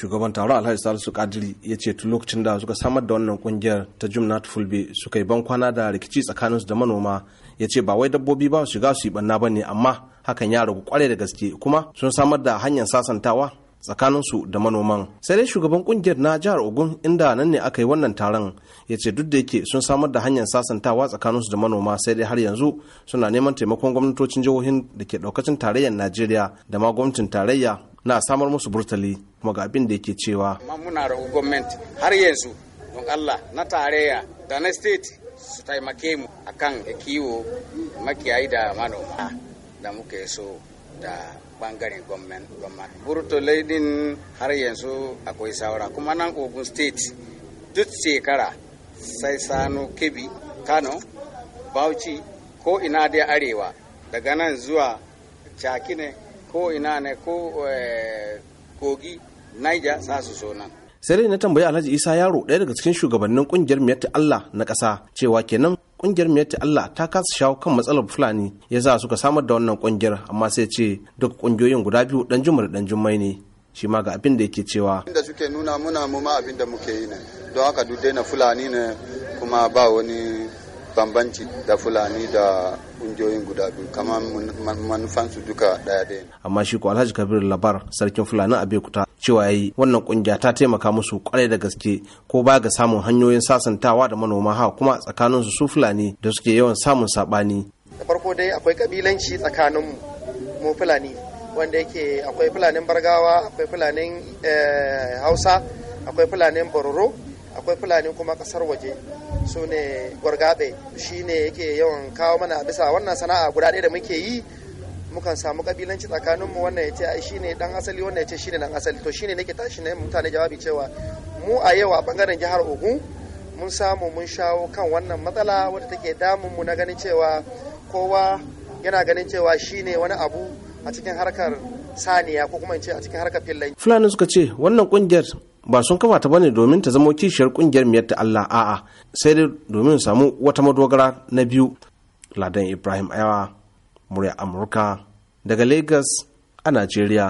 shugaban taron alhaji salisu kadiri ya ce tun lokacin da suka samar da wannan kungiyar ta jumnat fulbe suka yi bankwana da rikici tsakanin su da manoma ya ce ba wai dabbobi ba shiga su yi banna ba ne amma hakan ya ragu kwarai da gaske kuma sun samar da hanyar sasantawa tsakaninsu da manoman sai dai shugaban kungiyar na jihar ogun inda nan ne aka yi wannan taron ya ce duk da yake sun samar da hanyar sasantawa tsakaninsu da manoma sai dai har yanzu suna neman taimakon gwamnatocin jihohin da ke daukacin tarayyar najeriya da ma gwamnatin tarayya na samar musu burtali kuma ga abin da yake cewa muna da gwamnati har yanzu don Allah na tarayya da na state su taimake mu akan kiwo makiyayi da manoma da muke so da bangaren gwamnati burtulai din har yanzu akwai saura kuma nan ogun state duk shekara sai sano kebi kano bauchi ko ina da arewa daga nan zuwa cakine ko ina ne ko eh, kogi niger za su so nan sai dai na tambayi alhaji isa yaro ɗaya daga cikin shugabannin kungiyar miyatta allah na ƙasa cewa kenan kungiyar miyatta allah ta kasa shawo kan matsalar fulani ya za suka samar da wannan kungiyar amma sai ce duk kungiyoyin guda biyu dan juma da dan jummai ne shi ma ga abin da yake cewa da suke nuna muna mu ma abin da muke yi ne don haka duk daina fulani ne kuma ba wani bambanci da fulani da kungiyoyin guda biyu kamar manufansu duka daya ɗaya amma shi ko alhaji kabir labar sarkin fulani abekuta cewa yayi wannan kungiya ta taimaka musu kwarai da gaske ko ba ga samun hanyoyin sasantawa da manoma ha kuma tsakanin su fulani da suke yawan samun sabani da farko dai akwai kabilanci tsakanin mu fulani wanda yake akwai fulanin bargawa akwai fulanin eh, hausa akwai fulanin bororo akwai fulani kuma kasar waje su ne gwargabe shi ne yake yawan kawo mana bisa wannan sana'a guda ɗaya da muke yi mukan samu kabilanci tsakaninmu wannan ya ce shi ne dan asali wannan ya ce shi ne dan asali to shi ne nake tashi na mutane jawabi cewa mu a yau a bangaren jihar ogun mun samu mun shawo kan wannan matsala wadda take damunmu na ganin cewa kowa yana ganin cewa shi ne wani abu a cikin harkar saniya ko kuma in ce a cikin harkar fillan. fulani suka ce wannan kungiyar ba sun kafa ta bane domin ta zama kishiyar kungiyar miyar ta Allah a'a sai dai domin samu wata madogara na biyu Ladan Ibrahim Ayawa murya Amurka daga Lagos a Najeriya